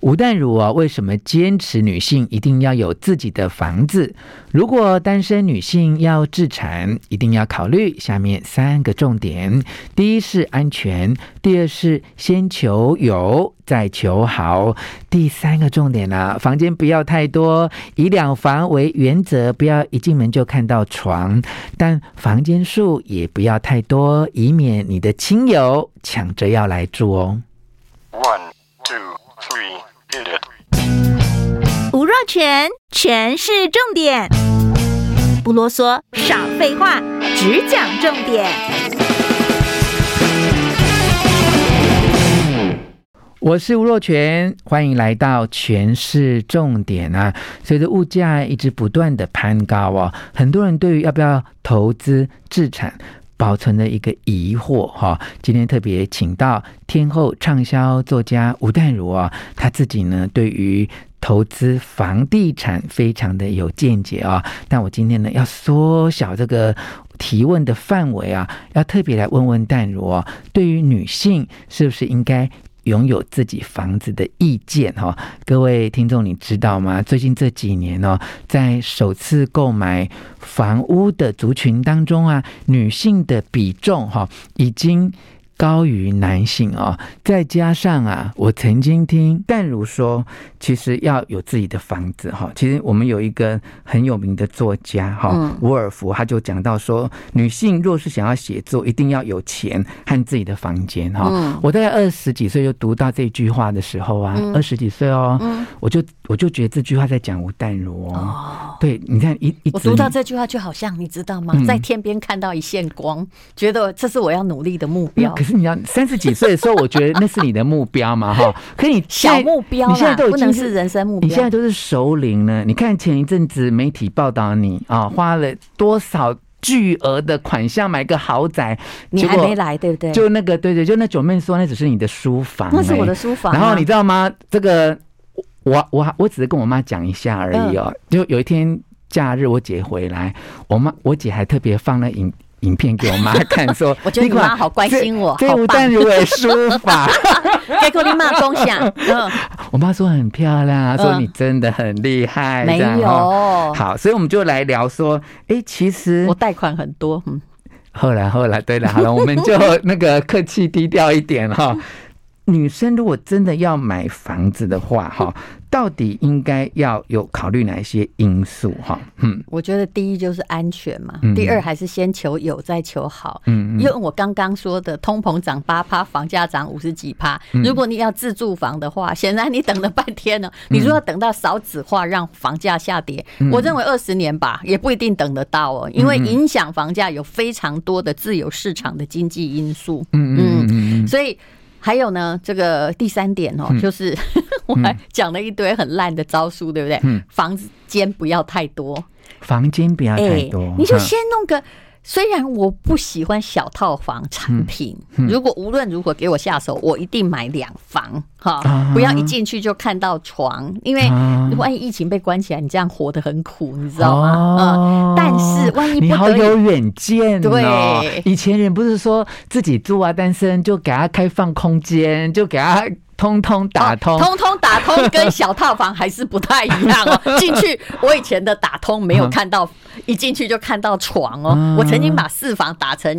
吳淡如啊，為什麼堅持女性一定要有自己的房子？如果單身女性要置產，一定要考慮下面三個重點：第一是安全，第二是先求有再求好，第三個重點呢、啊，房間不要太多，以兩房為原則，不要一進門就看到床，但房間數也不要太多，以免你的親友搶着要來住哦。One two. 權式重點，不囉嗦，少廢話，只講重點。我是吳若權，歡迎來到權式重點啊！隨着物價一直不斷的攀高哦，很多人對於要不要投資置產、保存的一個疑惑哈、哦。今天特別請到天后暢銷作家吳淡如啊、哦，他自己呢對於。投資房地產非常的有見解啊、哦，但我今天呢要縮小這個提問的範圍啊，要特別來問問淡如啊、哦，對於女性是不是應該擁有自己房子的意見、哦？哈，各位聽眾你知道嗎？最近這幾年呢、哦，在首次購買房屋的族群當中啊，女性的比重哈、哦、已經。高於男性啊，再加上啊，我曾經聽淡如說，其實要有自己的房子哈。其實我們有一個很有名的作家哈，吳爾芙，他就講到說，女性若是想要寫作，一定要有錢和自己的房間哈、嗯。我大概二十幾歲就讀到這一句話的時候啊，嗯、二十幾歲哦、嗯，我就。我就覺得這句話在講吳淡如哦、喔 oh,，對，你看一一我讀到這句話就好像你知道嗎？嗯、在天邊看到一線光，覺得這是我要努力的目標。嗯、可是你要三十幾歲的時候，我覺得那是你的目標嘛，哈、 哦。可你小目標，你現在都已經不能是人生目標。你現在都是熟齡呢。你看前一陣子媒體報道你啊、哦，花了多少巨額的款項買個豪宅結果，你還沒來，對不對？就那個，對對、對，就那九妹說那只是你的書房，那是我的書房。欸、然後你知道嗎？ 這個。我我我只是跟我媽講一下而已哦、嗯，就有一天假日我姐回來，我媽我姐還特別放了影影片給我媽看說，說 我覺得你媽好關心我，對，我帶你學書法，太過你媽共享。嗯，我媽說很漂亮啊， 說你真的很厲害、嗯這樣哦，沒有好，所以我們就來聊說，哎，其實我貸款很多，嗯，後來後來對了，好了，好 我們就那個客氣低調一點哈、哦。 女生如果真的要買房子的話，哈、嗯，到底應該要有考慮哪一些因素？哈，嗯，我覺得第一就是安全嘛，第二還是先求有再求好。嗯，嗯，因為我剛剛說的通膨漲八趴，房價漲五十幾趴，如果你要自住房的話，顯然你等了半天了，喔嗯。你說要等到少子化讓房價下跌，嗯，我認為二十年吧也不一定等得到哦、喔，因為影響房價有非常多的自由市場的經濟因素。嗯嗯嗯，嗯，嗯，所以。還有呢，這個第三點哦，就是、嗯、 我還講了一堆很爛的招數，對不對？嗯、房間不要太多，房間不要太多、欸嗯，你就先弄個。雖然我不喜歡小套房產品，嗯嗯、如果無論如何給我下手，我一定買兩房哈、嗯哦，不要一進去就看到床，因為萬一疫情被關起來，你這樣活得很苦，你知道嗎？哦嗯、但是萬一不你好有遠見、哦，對，以前人不是說自己住啊，單身就給他開放空間，就給他通通打通，哦、通通。打通跟小套房還是不太一樣哦、喔。進去我以前的打通沒有看到，啊、一進去就看到床哦、喔啊。我曾經把四房打成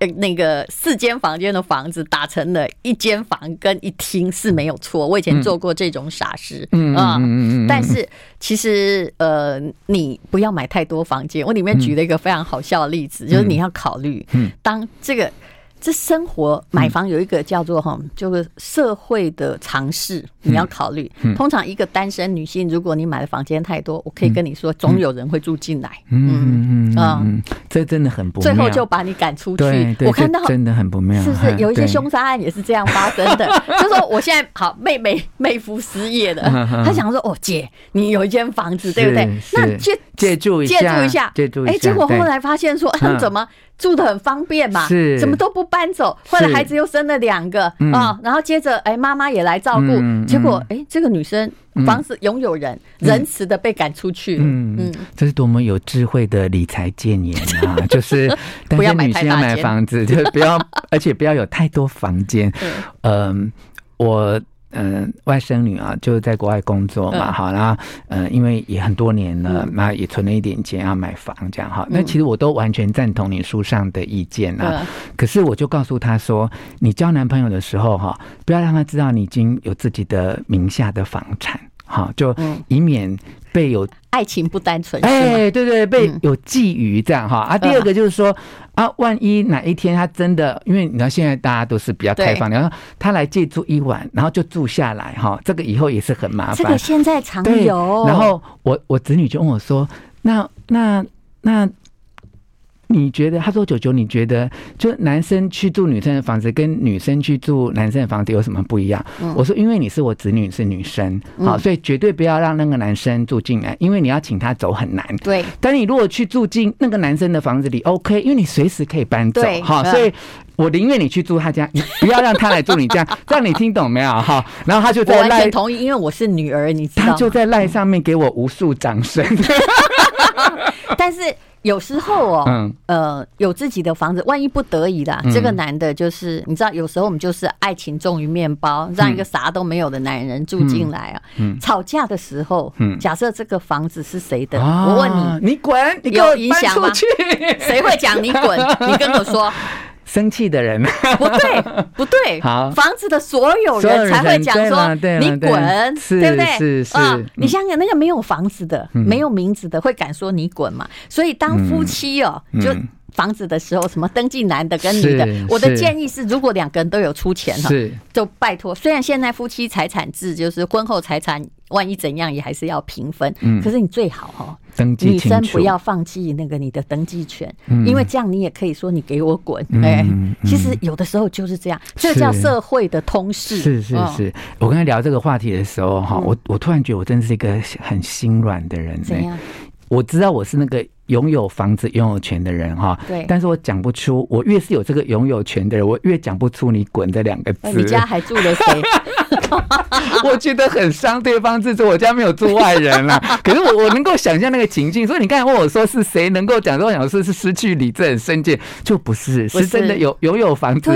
呃那個四間房間的房子打成了一間房跟一廳是沒有錯。我以前做過這種傻事、嗯、啊、嗯嗯，但是其實呃你不要買太多房間。我裡面舉了一個非常好笑的例子，嗯、就是你要考慮當這個。嗯嗯這生活買房有一個叫做“哈、嗯”，就是社會的常識你要考慮、嗯嗯。通常一個單身女性，如果你買的房間太多，我可以跟你說，嗯、總有人會住進來。嗯嗯嗯，嗯，嗯這真的很不妙，最後，就把你趕出去。對，我看到真的很不妙，是不是？有一些兇殺案也是這樣發生的。嗯、就說我現在好，妹妹妹夫失業了，他 想說：“哦，姐，你有一間房子，對不對？那借借住一下，借住一下，借住。”哎，結果後來發現說：“嗯、怎麼？”住得很方便嘛，是，怎麼都不搬走，後來孩子又生了兩個，啊、嗯哦，然後接着，哎、欸，媽媽也來照顧、嗯嗯，結果，哎、欸，這個女生房子擁有人、嗯、仁慈的被趕出去，嗯嗯，嗯，這是多麼有智慧的理財建言啊！ 就是不要買，單身女性要買房子，就是不要，而且不要有太多房間，嗯、 呃，我。嗯、呃，外甥女啊，就在國外工作嘛，嗯、好啦，嗯、呃，因為也很多年了，那、嗯、也存了一點錢要買房這樣哈、嗯。那其實我都完全贊同你書上的意見啊、嗯、可是我就告訴她說，你交男朋友的時候哈，不要讓他知道你已經有自己的名下的房產，好，就以免、嗯。被有愛情不單純，哎，對，對對，被有覬覦這樣哈、嗯。啊，第二個就是說、嗯，啊，萬一哪一天他真的，因為你知道現在大家都是比較開放的，然後他來借住一晚，然後就住下來哈，這個以後也是很麻煩。這個現在常有。然後我我子女就問我說，那那那。那你覺得？他說：“九九，你覺得，就男生去住女生的房子，跟女生去住男生的房子有什麼不一樣？”嗯、我說：“因為你是我子女，是女生，好、嗯哦，所以絕對不要讓那個男生住進來，因為你要請他走很難。對，但你如果去住進那個男生的房子裡，OK，因為你隨時可以搬走。對，好、哦嗯，所以我寧願你去住他家，不要讓他來住你家。 這樣你聽懂沒有？哈、哦，然後他就在賴，我同意，因為我是女兒，你知道，他就在賴上面給我無數掌聲。嗯” 但是有時候哦、嗯，呃，有自己的房子，萬一不得已啦、啊嗯，這個男的就是，你知道，有時候我們就是愛情重於面包、嗯，讓一個啥都沒有的男人住進來啊、嗯嗯。吵架的時候，嗯、假設這個房子是誰的、啊，我問你，你滾，有影響嗎？誰會講你滾？ 你跟我說。生氣的人 不對，不對，好，房子的所有人才會講說，你滾，對不對？是是，是、哦嗯，你想想，那個沒有房子的，嗯、沒有名字的，會敢說你滾嗎？所以當夫妻哦，嗯、就房子的時候、嗯，什麼登記男的跟女的，我的建議是，是，如果兩個人都有出錢哈，就拜託，雖然現在夫妻財產制就是婚後財產。萬一怎樣也還是要平分、嗯，可是你最好哈、哦，女生不要放棄那個你的登記權、嗯，因為這樣你也可以說你給我滾。哎、嗯欸嗯，其實有的時候就是這樣，這叫社會的通識。是是是，是嗯、我剛才聊這個話題的時候哈、嗯，我我突然覺得我真的是一個很心軟的人、欸。怎樣？我知道我是那個擁有房子擁有權的人哈，對。但是我講不出，我越是有這個擁有權的人，我越講不出你滾這兩個字。你家還住了誰？ 我覺得很傷對方自尊，我家沒有住外人啦。可是我我能夠想象那個情境， 所以你剛才問我說是誰能夠講，我想說是失去理智、很生氣，就不是，不是，是真的有有有房子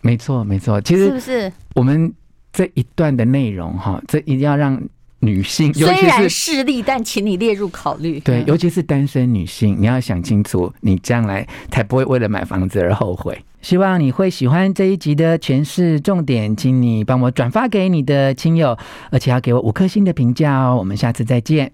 沒錯、啊，沒錯。其實是不是我們這一段的內容哈，這一定要讓。女性，是雖然勢利，但請你列入考慮。對，尤其是單身女性，你要想清楚，你將來才不會為了買房子而後悔。嗯，希望你會喜歡這一集的權式重點，請你幫我轉發給你的親友，而且要給我五顆星的評價哦。我們下次再見。